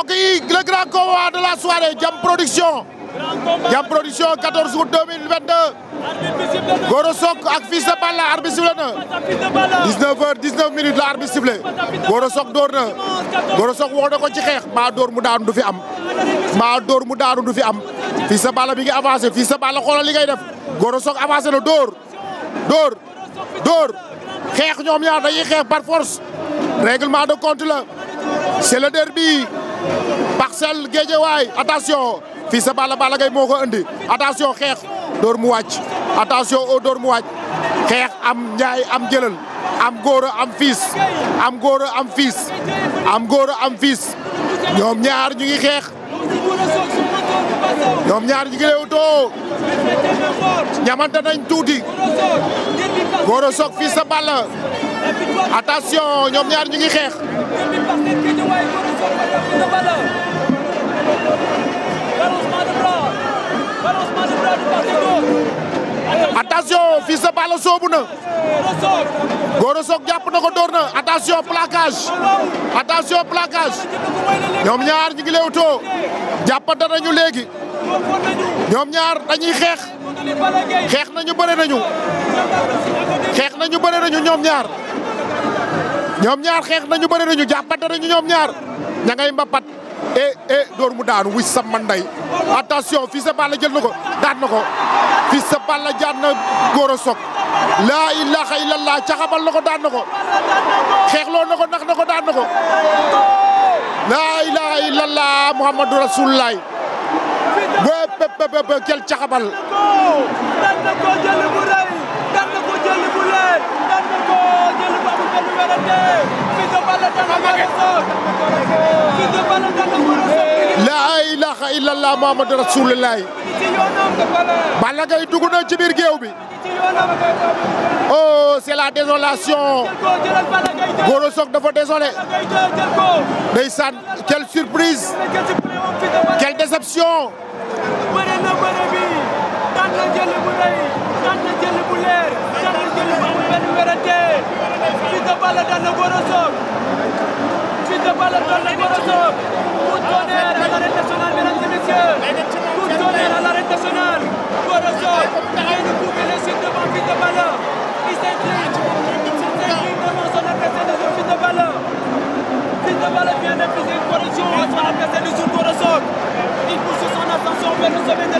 mbokk yi le grand combat de la soirée Jam Production Jam Production ak Fils de Balla arbitre sifflé na 19 heures 19 minutes la arbitre sifflé Gora Sock dóor na Gora Sock ko ci xeex maa dóor mu daanu du fi am maa dóor mu daanu du fi am Fils de Balla bi ngi avancé Fils de Balla xoolal li ngay def Gora Sock avancé na dóor dóor dóor xeex ñaar dañuy xeex par force règlement de compte la c'est le derby parcelle géejewaay attention fii sa Balla Balla Gaye moo ko andi xeex door mu wàcc attention o door mu wàcc xeex am njaay am jëlal am góor a am fiis am góor a am fiis góor am fiis ñoom ñaar ñu ngi xeex ñoom ñaar ñu ngi leewtoo ñamante nañ tuuti góor a soog sa Balla attention ñoom ñaar ñu ngi xeex. attention Fils de Balla na. Gora Sock jàpp na ko dóor na attention plaquage attention plaquage ñoom ñaar ñu ngi lewtoo jàppante nañu léegi ñoom ñaar dañuy xeex xeex nañu bëre nañu xeex nañu bëre nañu ñoom ñaar. ñoom ñaar xeex nañu bëri nañu jàppante nañu ñoom ñaar ña ngay mbapat e e door mu daanu wuy sa manday attention fii sa Balla jël na ko daan na ko fii sa jaan na góor sok laa ilaha illallah caxabal na ko daan na ko xeexloo na ko nax na ko daan na ko laa ilaha illallah muhammadu rasulullah ba ba ba jël caxabal daan na ko jël bu rëy laa ilaha illallah muhammadu rasulullahi Balla Gaye dugg na ci biir géew bi oh c'est la désolation Goro Sock dafa désolé ndeysaan quelle surprise quelle déception Balla daan na Gora Sock Fils de Balla daan na Gora Sock coup de tonnerre à l'arène nationale mesdames et messieurs coup de tonnerre à l'arène nationale Gora Sock vient de couper le Fils de Balla il s'incline il s'incline devant son adversaire de Fils de Balla Fils de Balla vient d'appliquer une correction à son adversaire de Gora Sock il pousse son attention vers le sommet de